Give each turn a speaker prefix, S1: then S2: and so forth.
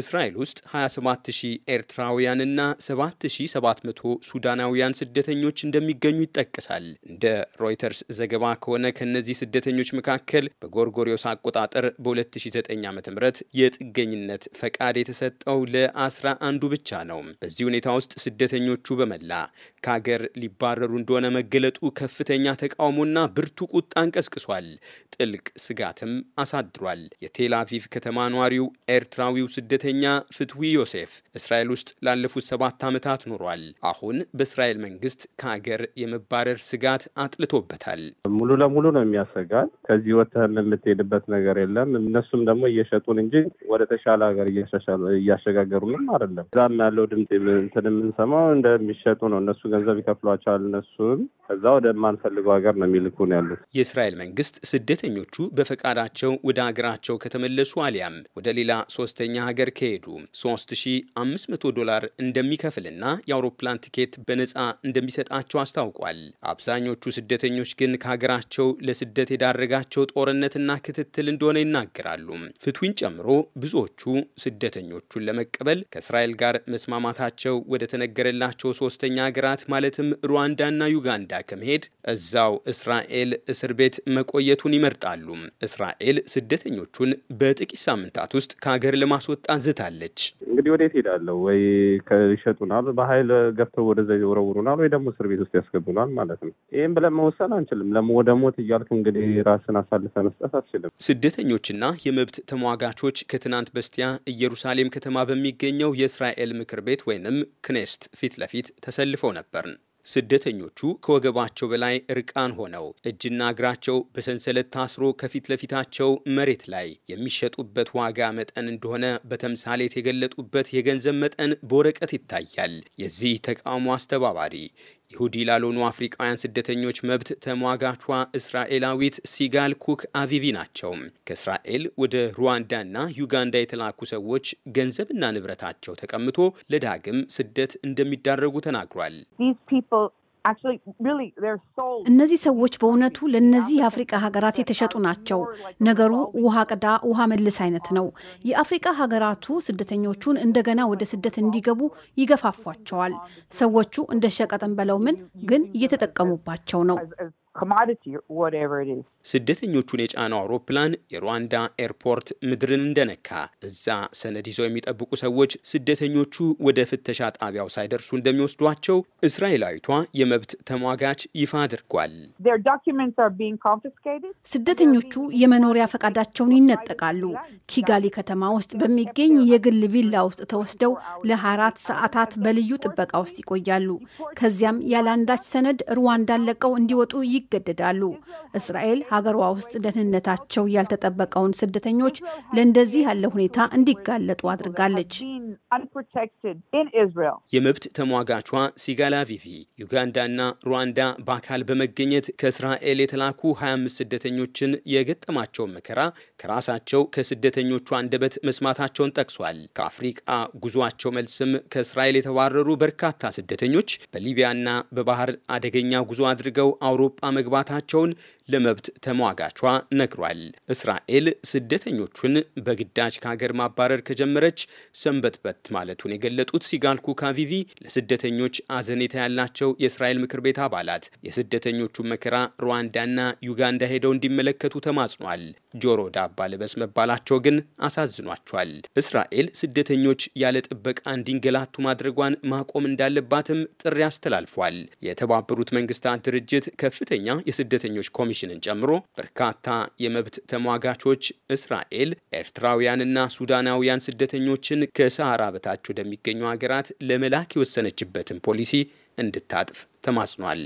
S1: እስራኤል ውስጥ 27000 ኤርትራውያንና 7700 ሱዳናውያን ስደተኞች እንደሚገኙ ይጠቀሳል። እንደ ሮይተርስ ዘገባ ከሆነ ከእነዚህ ስደተኞች መካከል በጎርጎሪዮስ አቆጣጠር በ2009 ም የጥገኝነት ፈቃድ የተሰጠው ለአስራ አንዱ ብቻ ነው። በዚህ ሁኔታ ውስጥ ስደተኞቹ በመላ ከሀገር ሊባረሩ እንደሆነ መገለጡ ከፍተኛ ተቃውሞና ብርቱ ቁጣ አንቀስቅሷል። ጥልቅ ስጋትም አሳድሯል። የቴል አቪቭ ከተማ ኗሪው ኤርትራዊው ስደተኛ ፍትዊ ዮሴፍ እስራኤል ውስጥ ላለፉት ሰባት ዓመታት ኖሯል። አሁን በእስራኤል መንግስት ከሀገር የመባረር ስጋት አጥልቶበታል።
S2: ሙሉ ለሙሉ ነው የሚያሰጋል። ከዚህ ወተህን የምትሄድበት ነገር የለም። እነሱም ደግሞ እየሸጡን እንጂ ወደ ተሻለ ሀገር እያሸጋገሩንም አይደለም። እዛም ያለው ድምፅ እንትን የምንሰማው እንደሚሸጡ ነው እነሱ ገንዘብ ይከፍሏቸዋል። እነሱን ከዛ ወደማንፈልገው ሀገር ነው ነው ያሉት። የእስራኤል መንግስት ስደተኞቹ
S1: በፈቃዳቸው ወደ ሀገራቸው ከተመለሱ አሊያም ወደ ሌላ ሶስተኛ ሀገር ከሄዱ 3500 ዶላር እንደሚከፍልና የአውሮፕላን ቲኬት በነፃ እንደሚሰጣቸው አስታውቋል። አብዛኞቹ ስደተኞች ግን ከሀገራቸው ለስደት የዳረጋቸው ጦርነትና ክትትል እንደሆነ ይናገራሉ። ፍትዊን ጨምሮ ብዙዎቹ ስደተኞቹን ለመቀበል ከእስራኤል ጋር መስማማታቸው ወደ ተነገረላቸው ሶስተኛ ሀገራት ሀገራት ማለትም ሩዋንዳና ዩጋንዳ ከመሄድ እዛው እስራኤል እስር ቤት መቆየቱን ይመርጣሉ። እስራኤል ስደተኞቹን በጥቂት ሳምንታት ውስጥ ከሀገር ለማስወጣት
S2: ዝታለች። እንግዲህ ወዴት ሄዳለሁ? ወይ ይሸጡናል፣ በሀይል ገብተው ወደዛ ይወረውሩናል፣ ወይ ደግሞ እስር ቤት ውስጥ ያስገቡናል ማለት ነው። ይህም ብለን መወሰን አንችልም። ለሞ ወደ ሞት እያልክ እንግዲህ ራስን አሳልፈ መስጠት አትችልም።
S1: ስደተኞችና የመብት ተሟጋቾች ከትናንት በስቲያ ኢየሩሳሌም ከተማ በሚገኘው የእስራኤል ምክር ቤት ወይንም ክኔስት ፊት ለፊት ተሰልፈው ነበርን። ስደተኞቹ ከወገባቸው በላይ እርቃን ሆነው እጅና እግራቸው በሰንሰለት ታስሮ ከፊት ለፊታቸው መሬት ላይ የሚሸጡበት ዋጋ መጠን እንደሆነ በተምሳሌት የገለጡበት የገንዘብ መጠን በወረቀት ይታያል። የዚህ ተቃውሞ አስተባባሪ ይሁዲ ላልሆኑ አፍሪቃውያን ስደተኞች መብት ተሟጋቿ እስራኤላዊት ሲጋል ኩክ አቪቪ ናቸው። ከእስራኤል ወደ ሩዋንዳና ዩጋንዳ የተላኩ ሰዎች ገንዘብና ንብረታቸው ተቀምቶ ለዳግም ስደት እንደሚዳረጉ ተናግሯል።
S3: እነዚህ ሰዎች በእውነቱ ለእነዚህ የአፍሪቃ ሀገራት የተሸጡ ናቸው። ነገሩ ውሃ ቅዳ ውሃ መልስ አይነት ነው። የአፍሪቃ ሀገራቱ ስደተኞቹን እንደገና ወደ ስደት እንዲገቡ ይገፋፏቸዋል። ሰዎቹ እንደ ሸቀጥን በለው ምን ግን እየተጠቀሙባቸው ነው።
S1: ስደተኞቹን የጫነው አውሮፕላን የሩዋንዳ ኤርፖርት ምድርን እንደነካ እዛ ሰነድ ይዘው የሚጠብቁ ሰዎች ስደተኞቹ ወደ ፍተሻ ጣቢያው ሳይደርሱ እንደሚወስዷቸው እስራኤላዊቷ የመብት ተሟጋች ይፋ አድርጓል።
S3: ስደተኞቹ የመኖሪያ ፈቃዳቸውን ይነጠቃሉ። ኪጋሊ ከተማ ውስጥ በሚገኝ የግል ቪላ ውስጥ ተወስደው ለአራት ሰዓታት በልዩ ጥበቃ ውስጥ ይቆያሉ። ከዚያም ያለ አንዳች ሰነድ ሩዋንዳን ለቀው እንዲወጡ ይገደዳሉ። እስራኤል ሀገሯ ውስጥ ደህንነታቸው ያልተጠበቀውን ስደተኞች ለእንደዚህ ያለ ሁኔታ እንዲጋለጡ አድርጋለች።
S1: የመብት ተሟጋቿ ሲጋላ ቪቪ ዩጋንዳና ሩዋንዳ በአካል በመገኘት ከእስራኤል የተላኩ 25 ስደተኞችን የገጠማቸውን መከራ ከራሳቸው ከስደተኞቹ አንደበት መስማታቸውን ጠቅሷል። ከአፍሪቃ ጉዟቸው መልስም ከእስራኤል የተባረሩ በርካታ ስደተኞች በሊቢያና በባህር አደገኛ ጉዞ አድርገው አውሮፓ መግባታቸውን ለመብት ተሟጋቿ ነግሯል። እስራኤል ስደተኞቹን በግዳጅ ከሀገር ማባረር ከጀመረች ሰንበትበት ማለቱን የገለጡት ሲጋልኩ ካቪቪ ለስደተኞች አዘኔታ ያላቸው የእስራኤል ምክር ቤት አባላት የስደተኞቹን መከራ ሩዋንዳና ዩጋንዳ ሄደው እንዲመለከቱ ተማጽኗል። ጆሮ ዳባ ልበስ መባላቸው ግን አሳዝኗቸዋል። እስራኤል ስደተኞች ያለ ጥበቃ እንዲንገላቱ ማድረጓን ማቆም እንዳለባትም ጥሪ አስተላልፏል። የተባበሩት መንግስታት ድርጅት ከፍተኛ የስደተኞች ኮሚሽንን ጨምሮ በርካታ የመብት ተሟጋቾች እስራኤል ኤርትራውያንና ሱዳናውያን ስደተኞችን ከሰሃራ በታች ወደሚገኙ ሀገራት ለመላክ የወሰነችበትን ፖሊሲ እንድታጥፍ ተማጽኗል።